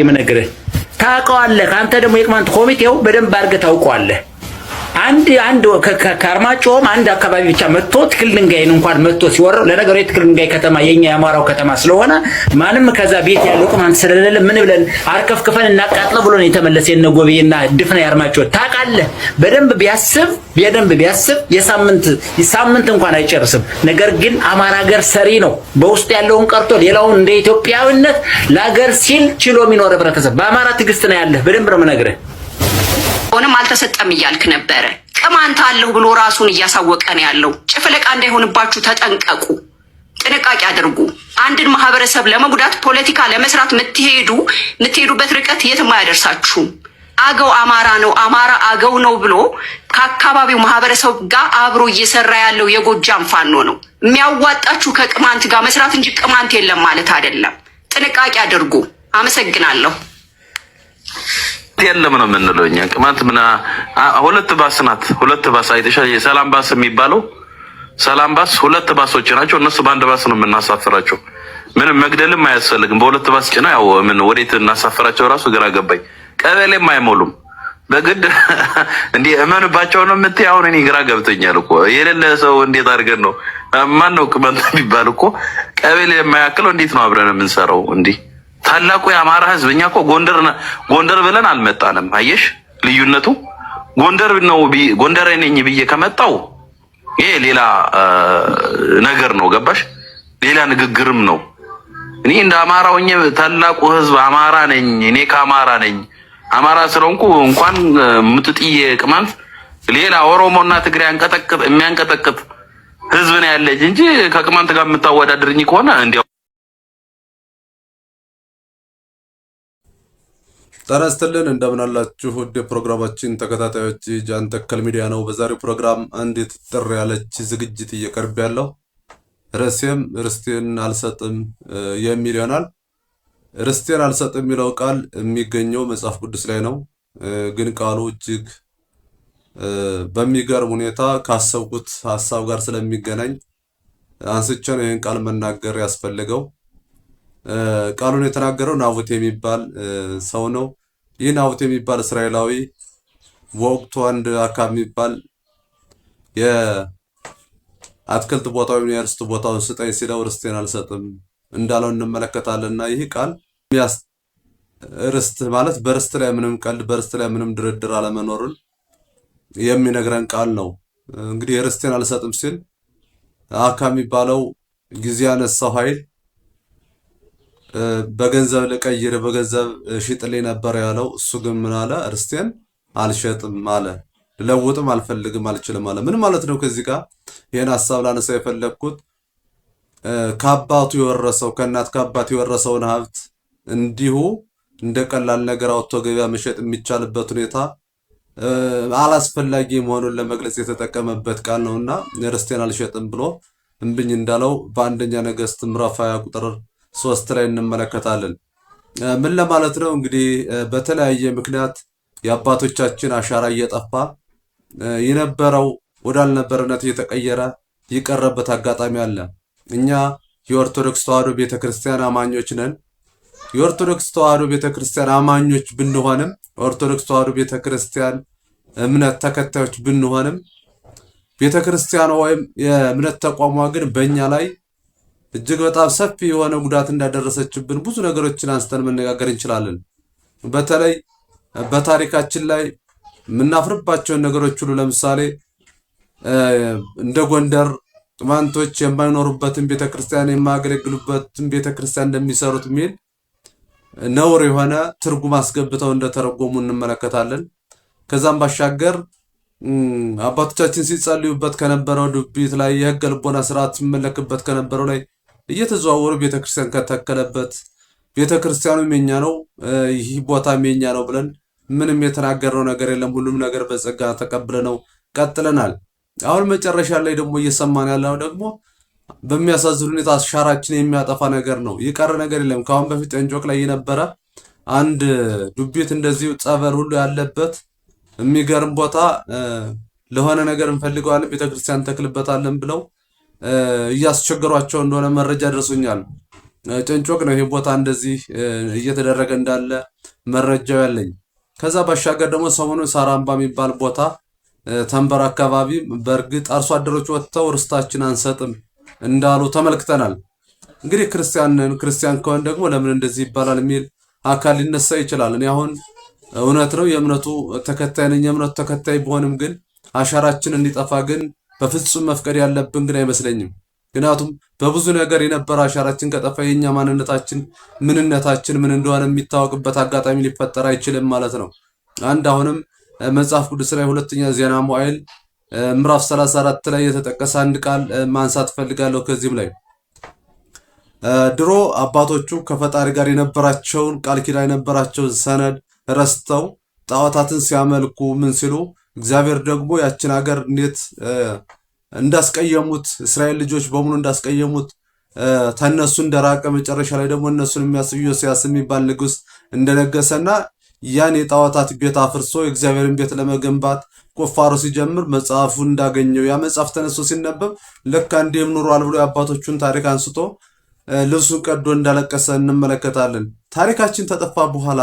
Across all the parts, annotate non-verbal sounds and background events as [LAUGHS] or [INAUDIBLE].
የምነግርህ ታውቀዋለህ። ከአንተ ደግሞ የቅማንት ኮሚቴው በደንብ አድርገህ ታውቀዋለህ። አንድ አንድ ከአርማጭሆም አንድ አካባቢ ብቻ መጥቶ ትክል ድንጋይን እንኳን መጥቶ ሲወረው፣ ለነገሩ የትክል ድንጋይ ከተማ የኛ የአማራው ከተማ ስለሆነ ማንም ከዛ ቤት ያለው ቁማን ስለሌለ ምን ብለን አርከፍክፈን እናቃጥለ ብሎ ነው የተመለሰ። የነጎቤና ድፍና የአርማጭሆ ታውቃለህ። በደንብ ቢያስብ በደንብ ቢያስብ የሳምንት ሳምንት እንኳን አይጨርስም። ነገር ግን አማራ ሀገር ሰሪ ነው። በውስጥ ያለውን ቀርቶ ሌላውን እንደ ኢትዮጵያዊነት ለሀገር ሲል ችሎ የሚኖር ህብረተሰብ በአማራ ትዕግስት ነው ያለህ። በደንብ ነው የምነግርህ። ቢሆንም አልተሰጠም እያልክ ነበረ። ቅማንት አለሁ ብሎ ራሱን እያሳወቀ ነው ያለው። ጭፍለቃ እንዳይሆንባችሁ ተጠንቀቁ፣ ጥንቃቄ አድርጉ። አንድን ማህበረሰብ ለመጉዳት ፖለቲካ ለመስራት የምትሄዱ የምትሄዱበት ርቀት የትም አያደርሳችሁም። አገው አማራ ነው፣ አማራ አገው ነው ብሎ ከአካባቢው ማህበረሰብ ጋር አብሮ እየሰራ ያለው የጎጃም ፋኖ ነው። የሚያዋጣችሁ ከቅማንት ጋር መስራት እንጂ ቅማንት የለም ማለት አይደለም። ጥንቃቄ አድርጉ። አመሰግናለሁ። የለም ነው የምንለው እኛ። ቅማንት ምን ሁለት ባስ ናት። ሁለት ባስ አይተሻል? የሰላም ባስ የሚባለው ሰላም ባስ ሁለት ባሶች ናቸው። እነሱ በአንድ ባስ ነው የምናሳፍራቸው። ምንም መግደልም አያስፈልግም። በሁለት ባስ ጭና ያው ምን ወዴት እናሳፍራቸው ራሱ ግራ ገባኝ። ቀበሌም አይሞሉም። በግድ [LAUGHS] እንዲህ እመንባቸው ነው የምትይ? አሁን እኔ ግራ ገብተኛል እኮ የሌለ ሰው እንዴት አድርገን ነው ማን ነው ቅመንት [LAUGHS] የሚባል እኮ ቀበሌ የማያክለው እንዴት ነው አብረን የምንሰራው እንዲህ ታላቁ የአማራ ህዝብ እኛ እኮ ጎንደር ጎንደር ብለን አልመጣንም። አየሽ ልዩነቱ ጎንደር ነው። ጎንደር ነኝ ብዬ ከመጣው ይሄ ሌላ ነገር ነው። ገባሽ? ሌላ ንግግርም ነው። እኔ እንደ አማራው ታላቁ ህዝብ አማራ ነኝ፣ እኔ ከአማራ ነኝ። አማራ ስለሆንኩ እንኳን ምጥጥዬ ቅማንት ሌላ ኦሮሞና ትግሬ የሚያንቀጠቅጥ ህዝብ ነው ያለኝ እንጂ ከቅማንት ጋር የምታወዳድርኝ ከሆነ እንዲያው ጤና ይስጥልን እንደምን አላችሁ? ውድ ፕሮግራማችን ተከታታዮች ጃን ተከል ሚዲያ ነው። በዛሬው ፕሮግራም አንዲት ጥር ያለች ዝግጅት እየቀርብ ያለው ርዕሴም ርስቴን አልሰጥም የሚል ይሆናል። ርስቴን አልሰጥም የሚለው ቃል የሚገኘው መጽሐፍ ቅዱስ ላይ ነው። ግን ቃሉ እጅግ በሚገርም ሁኔታ ካሰብኩት ሀሳብ ጋር ስለሚገናኝ አንስቼ ነው ይህን ቃል መናገር ያስፈልገው። ቃሉን የተናገረው ናቡት የሚባል ሰው ነው። ይህ ናቡት የሚባል እስራኤላዊ በወቅቱ አንድ አካባቢ የሚባል የአትክልት ቦታ ወይም የርስት ቦታውን ስጠኝ ሲለው ርስቴን አልሰጥም እንዳለው እንመለከታለን። እና ይህ ቃል ርስት ማለት በርስት ላይ ምንም ቀልድ፣ በርስት ላይ ምንም ድርድር አለመኖርን የሚነግረን ቃል ነው። እንግዲህ ርስቴን አልሰጥም ሲል አካ የሚባለው ጊዜ ያነሳው ኃይል በገንዘብ ልቀይር በገንዘብ ሽጥልኝ ነበር ያለው። እሱ ግን ምን አለ? እርስቴን አልሸጥም አለ። ልለውጥም አልፈልግም አልችልም አለ። ምን ማለት ነው? ከዚህ ጋር ይህን ሀሳብ ላነሳ የፈለግኩት ከአባቱ የወረሰው ከእናት ከአባት የወረሰውን ሀብት እንዲሁ እንደ ቀላል ነገር አውጥቶ ገበያ መሸጥ የሚቻልበት ሁኔታ አላስፈላጊ መሆኑን ለመግለጽ የተጠቀመበት ቃል ነውና ርስቴን አልሸጥም ብሎ እምብኝ እንዳለው በአንደኛ ነገስት ምዕራፍ ሃያ ቁጥር ሶስት ላይ እንመለከታለን። ምን ለማለት ነው እንግዲህ በተለያየ ምክንያት የአባቶቻችን አሻራ እየጠፋ የነበረው ወዳልነበረነት እየተቀየረ የቀረበት አጋጣሚ አለ። እኛ የኦርቶዶክስ ተዋሕዶ ቤተክርስቲያን አማኞች ነን። የኦርቶዶክስ ተዋህዶ ቤተክርስቲያን አማኞች ብንሆንም ኦርቶዶክስ ተዋህዶ ቤተክርስቲያን እምነት ተከታዮች ብንሆንም ቤተክርስቲያኗ ወይም የእምነት ተቋሟ ግን በእኛ ላይ እጅግ በጣም ሰፊ የሆነ ጉዳት እንዳደረሰችብን ብዙ ነገሮችን አንስተን መነጋገር እንችላለን። በተለይ በታሪካችን ላይ የምናፍርባቸውን ነገሮች ሁሉ ለምሳሌ እንደ ጎንደር ቅማንቶች የማይኖሩበትን ቤተክርስቲያን የማያገለግሉበትን ቤተክርስቲያን እንደሚሰሩት የሚል ነውር የሆነ ትርጉም አስገብተው እንደተረጎሙ እንመለከታለን። ከዛም ባሻገር አባቶቻችን ሲጸልዩበት ከነበረው ድቢት ላይ የህገ ልቦና ስርዓት ሲመለክበት ከነበረው ላይ እየተዘዋወሩ ቤተክርስቲያን ከተከለበት ቤተክርስቲያኑም የኛ ነው፣ ይህ ቦታም የኛ ነው ብለን ምንም የተናገርነው ነገር የለም። ሁሉም ነገር በጸጋ ተቀብለነው ቀጥለናል። አሁን መጨረሻ ላይ ደግሞ እየሰማን ያለው ደግሞ በሚያሳዝን ሁኔታ አሻራችን የሚያጠፋ ነገር ነው። የቀረ ነገር የለም። ከአሁን በፊት ጠንጮቅ ላይ የነበረ አንድ ዱቤት እንደዚሁ ጸበር ሁሉ ያለበት የሚገርም ቦታ ለሆነ ነገር እንፈልገዋለን ቤተክርስቲያን ተክልበታለን ብለው እያስቸገሯቸው እንደሆነ መረጃ ደርሶኛል። ጭንጮቅ ነው ይሄ ቦታ እንደዚህ እየተደረገ እንዳለ መረጃው ያለኝ። ከዛ ባሻገር ደግሞ ሰሞኑን ሳራምባ የሚባል ቦታ ተንበር አካባቢ በእርግጥ አርሶ አደሮች ወጥተው ርስታችን አንሰጥም እንዳሉ ተመልክተናል። እንግዲህ ክርስቲያንን ክርስቲያን ከሆን ደግሞ ለምን እንደዚህ ይባላል የሚል አካል ሊነሳ ይችላል። እኔ አሁን እውነት ነው የእምነቱ ተከታይ ነኝ። የእምነቱ ተከታይ ቢሆንም ግን አሻራችን እንዲጠፋ ግን በፍጹም መፍቀድ ያለብን ግን አይመስለኝም። ምክንያቱም በብዙ ነገር የነበረ አሻራችን ከጠፋ የኛ ማንነታችን ምንነታችን ምን እንደሆነ የሚታወቅበት አጋጣሚ ሊፈጠር አይችልም ማለት ነው። አንድ አሁንም መጽሐፍ ቅዱስ ላይ ሁለተኛ ዜና መዋዕል ምዕራፍ 34 ላይ የተጠቀሰ አንድ ቃል ማንሳት ፈልጋለሁ። ከዚህም ላይ ድሮ አባቶቹ ከፈጣሪ ጋር የነበራቸውን ቃል ኪዳን የነበራቸውን ሰነድ ረስተው ጣዖታትን ሲያመልኩ ምን ሲሉ እግዚአብሔር ደግሞ ያችን ሀገር እንዴት እንዳስቀየሙት እስራኤል ልጆች በሙሉ እንዳስቀየሙት ተነሱ እንደራቀ መጨረሻ ላይ ደግሞ እነሱን የሚያስብ ዮስያስ የሚባል ንጉሥ እንደነገሰና ያን የጣዖታት ቤት አፍርሶ የእግዚአብሔርን ቤት ለመገንባት ቁፋሮ ሲጀምር መጽሐፉ እንዳገኘው ያ መጽሐፍ ተነስቶ ሲነበብ ለካ እንዲህም ኑሯል ብሎ የአባቶቹን ታሪክ አንስቶ ልብሱን ቀዶ እንዳለቀሰ እንመለከታለን። ታሪካችን ከጠፋ በኋላ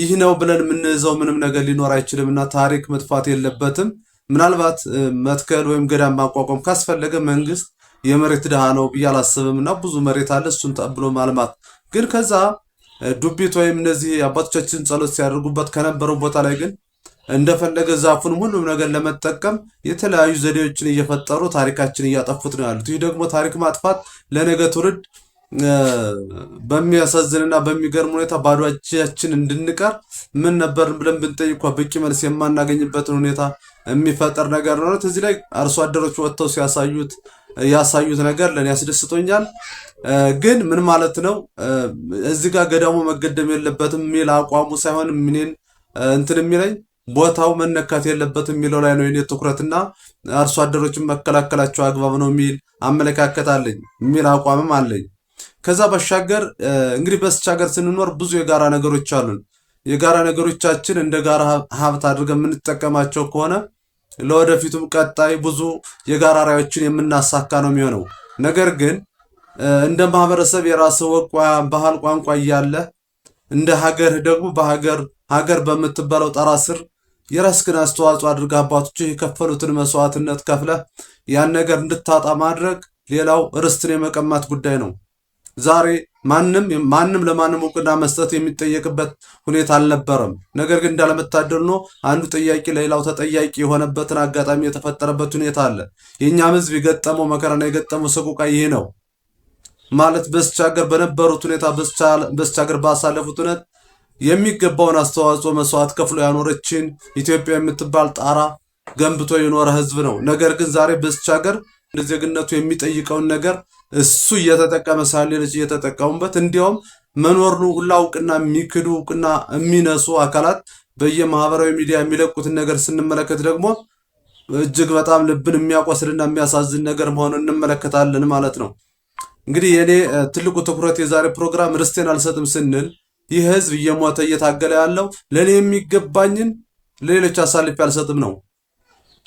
ይህ ነው ብለን የምንይዘው ምንም ነገር ሊኖር አይችልም እና ታሪክ መጥፋት የለበትም። ምናልባት መትከል ወይም ገዳም ማቋቋም ካስፈለገ መንግስት የመሬት ድሃ ነው ብዬ አላስብም እና ብዙ መሬት አለ፣ እሱን ጠብሎ ማልማት ግን ከዛ ዱቢት ወይም እነዚህ አባቶቻችን ጸሎት ሲያደርጉበት ከነበረው ቦታ ላይ ግን እንደፈለገ ዛፉንም ሁሉም ነገር ለመጠቀም የተለያዩ ዘዴዎችን እየፈጠሩ ታሪካችን እያጠፉት ነው ያሉት። ይህ ደግሞ ታሪክ ማጥፋት ለነገ ትውልድ በሚያሳዝንና በሚገርም ሁኔታ ባዶ እጃችን እንድንቀር ምን ነበር ብለን ብንጠይቅ በቂ መልስ የማናገኝበትን ሁኔታ የሚፈጠር ነገር ነው። እዚህ ላይ አርሶ አደሮች ወጥተው ሲያሳዩት ያሳዩት ነገር ለእኔ ያስደስቶኛል። ግን ምን ማለት ነው እዚህ ጋር ገዳሙ መገደም የለበትም የሚል አቋሙ ሳይሆን ምንን እንትን የሚለኝ ቦታው መነካት የለበትም የሚለው ላይ ነው የኔ ትኩረትና አርሶ አደሮችን መከላከላቸው አግባብ ነው የሚል አመለካከት አለኝ የሚል አቋምም አለኝ። ከዛ ባሻገር እንግዲህ በስች ሀገር ስንኖር ብዙ የጋራ ነገሮች አሉን። የጋራ ነገሮቻችን እንደ ጋራ ሀብት አድርገን የምንጠቀማቸው ከሆነ ለወደፊቱም ቀጣይ ብዙ የጋራ ራዮችን የምናሳካ ነው የሚሆነው። ነገር ግን እንደ ማህበረሰብ የራስ ወቋ ባህል፣ ቋንቋ እያለ እንደ ሀገር ደግሞ በሀገር ሀገር በምትባለው ጠራ ስር የራስህን አስተዋጽኦ አድርገህ አባቶች የከፈሉትን መስዋዕትነት ከፍለህ ያን ነገር እንድታጣ ማድረግ ሌላው ርስትን የመቀማት ጉዳይ ነው። ዛሬ ማንም ማንም ለማንም እውቅና መስጠት የሚጠየቅበት ሁኔታ አልነበረም። ነገር ግን እንዳለመታደል ነው አንዱ ጥያቄ ለሌላው ተጠያቂ የሆነበትን አጋጣሚ የተፈጠረበት ሁኔታ አለ። የእኛም ህዝብ የገጠመው መከራና የገጠመው ሰቆቃ ይህ ነው ማለት በስቻገር በነበሩት ሁኔታ በስቻገር ባሳለፉት እውነት የሚገባውን አስተዋጽኦ መስዋዕት ከፍሎ ያኖረችን ኢትዮጵያ የምትባል ጣራ ገንብቶ የኖረ ህዝብ ነው። ነገር ግን ዛሬ በስቻገር ዜግነቱ የሚጠይቀውን ነገር እሱ እየተጠቀመ ሳሌ ልጅ እየተጠቀሙበት እንዲያውም መኖር ሁላ እውቅና የሚክዱ እውቅና የሚነሱ አካላት በየማህበራዊ ሚዲያ የሚለቁትን ነገር ስንመለከት ደግሞ እጅግ በጣም ልብን የሚያቆስልና የሚያሳዝን ነገር መሆኑን እንመለከታለን ማለት ነው። እንግዲህ የኔ ትልቁ ትኩረት የዛሬ ፕሮግራም ርስቴን አልሰጥም ስንል ይህ ህዝብ እየሞተ እየታገለ ያለው ለእኔ የሚገባኝን ለሌሎች አሳልፌ አልሰጥም ነው።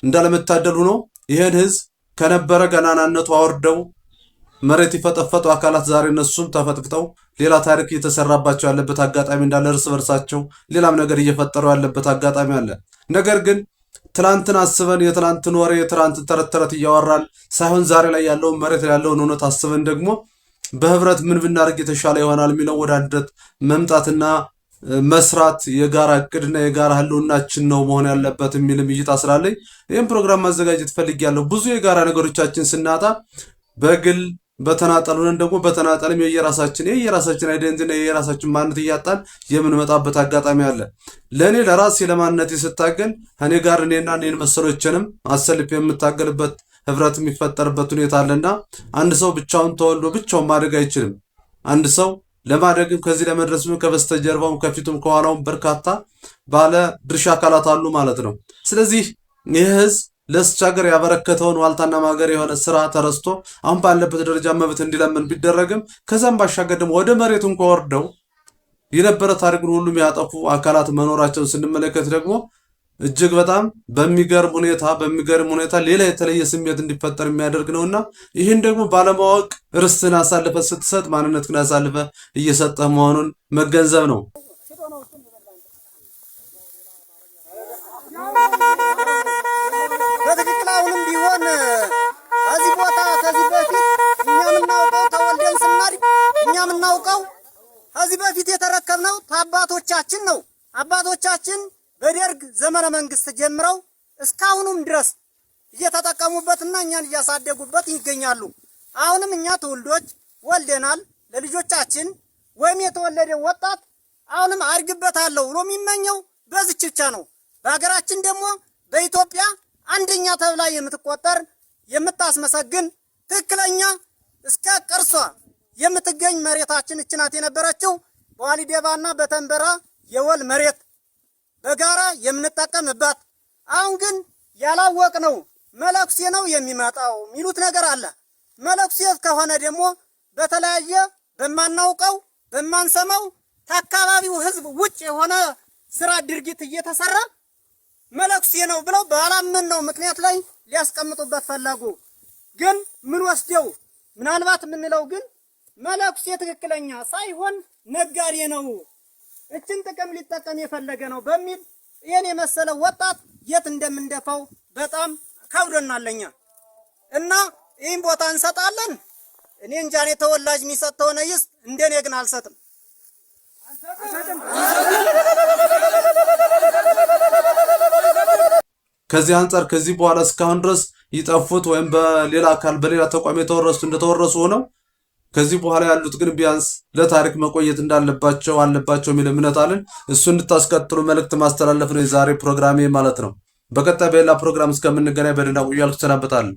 እንዳለመታደል ሆኖ ይህን ህዝብ ከነበረ ገናናነቱ አወርደው መሬት የፈጠፈጡ አካላት ዛሬ እነሱም ተፈጥፍተው ሌላ ታሪክ እየተሰራባቸው ያለበት አጋጣሚ እንዳለ እርስ በርሳቸው ሌላም ነገር እየፈጠሩ ያለበት አጋጣሚ አለ። ነገር ግን ትላንትን አስበን የትላንትን ወሬ የትላንትን ተረት ተረት ሳይሆን ዛሬ ላይ ያለውን መሬት ላይ ያለውን እውነት አስበን ደግሞ በህብረት ምን ብናደርግ የተሻለ ይሆናል የሚለው ወደ አንድነት መምጣትና መስራት የጋራ እቅድና የጋራ ህልውናችን ነው መሆን ያለበት የሚልም እይታ ስላለኝ ይህም ፕሮግራም ማዘጋጀት ፈልጌያለሁ። ብዙ የጋራ ነገሮቻችን ስናጣ በግል በተናጠል ሆነን ደግሞ በተናጠልም የየራሳችን የየራሳችን አይደንቲና የየራሳችን ማንነት እያጣን የምንመጣበት አጋጣሚ አለ። ለእኔ ለራሴ ለማንነት ስታገል እኔ ጋር እኔና እኔን መሰሎችንም አሰልፍ የምታገልበት ህብረት የሚፈጠርበት ሁኔታ አለና አንድ ሰው ብቻውን ተወልዶ ብቻውን ማደግ አይችልም። አንድ ሰው ለማደግም ከዚህ ለመድረስም ከበስተጀርባውም ከፊቱም ከኋላውም በርካታ ባለ ድርሻ አካላት አሉ ማለት ነው። ስለዚህ ይህ ህዝብ ሀገር ያበረከተውን ዋልታና ማገር የሆነ ስራ ተረስቶ አሁን ባለበት ደረጃ መብት እንዲለምን ቢደረግም ከዛም ባሻገር ደግሞ ወደ መሬቱ እንኳ ወርደው የነበረ ታሪክን ሁሉም ያጠፉ አካላት መኖራቸውን ስንመለከት ደግሞ እጅግ በጣም በሚገርም ሁኔታ በሚገርም ሁኔታ ሌላ የተለየ ስሜት እንዲፈጠር የሚያደርግ ነውና ይህን ደግሞ ባለማወቅ ርስትን አሳልፈ ስትሰጥ ማንነትን አሳልፈ እየሰጠ መሆኑን መገንዘብ ነው። አባቶቻችን ነው። አባቶቻችን በደርግ ዘመነ መንግስት ጀምረው እስካሁኑም ድረስ እየተጠቀሙበትና እኛን እያሳደጉበት ይገኛሉ። አሁንም እኛ ትውልዶች ወልደናል። ለልጆቻችን ወይም የተወለደ ወጣት አሁንም አድግበታለሁ ብሎ የሚመኘው በዚች ብቻ ነው። በሀገራችን ደግሞ በኢትዮጵያ አንደኛ ተብላ የምትቆጠር የምታስመሰግን ትክክለኛ እስከ ቅርሷ የምትገኝ መሬታችን እችናት የነበረችው በዋሊዴባና በተንበራ የወል መሬት በጋራ የምንጠቀምባት አሁን ግን ያላወቅ ነው መለኩሴ ነው የሚመጣው የሚሉት ነገር አለ። መለኩሴ ከሆነ ደግሞ በተለያየ በማናውቀው በማንሰማው ከአካባቢው ሕዝብ ውጭ የሆነ ስራ ድርጊት እየተሰራ መለኩሴ ነው ብለው ባላምን ነው ምክንያት ላይ ሊያስቀምጡበት ፈለጉ። ግን ምን ወስደው ምናልባት የምንለው ግን መነኩሴ ትክክለኛ ሳይሆን ነጋዴ ነው፣ እችን ጥቅም ሊጠቀም የፈለገ ነው በሚል ይህን የመሰለው ወጣት የት እንደምንደፋው በጣም ከብዶናለኛ እና ይህን ቦታ እንሰጣለን። እኔ እንጃ እኔ ተወላጅ የሚሰጥ ተሆነ ይስ እንደኔ ግን አልሰጥም። ከዚህ አንጻር ከዚህ በኋላ እስካሁን ድረስ ይጠፉት ወይም በሌላ አካል በሌላ ተቋም የተወረሱት እንደተወረሱ ሆነው ከዚህ በኋላ ያሉት ግን ቢያንስ ለታሪክ መቆየት እንዳለባቸው አለባቸው የሚል እምነት አለን። እሱ እንድታስቀጥሉ መልእክት ማስተላለፍ ነው የዛሬ ፕሮግራሜ ማለት ነው። በቀጣይ በሌላ ፕሮግራም እስከምንገናኝ በደህና ቆዩ እያልኩ እሰናበታለሁ።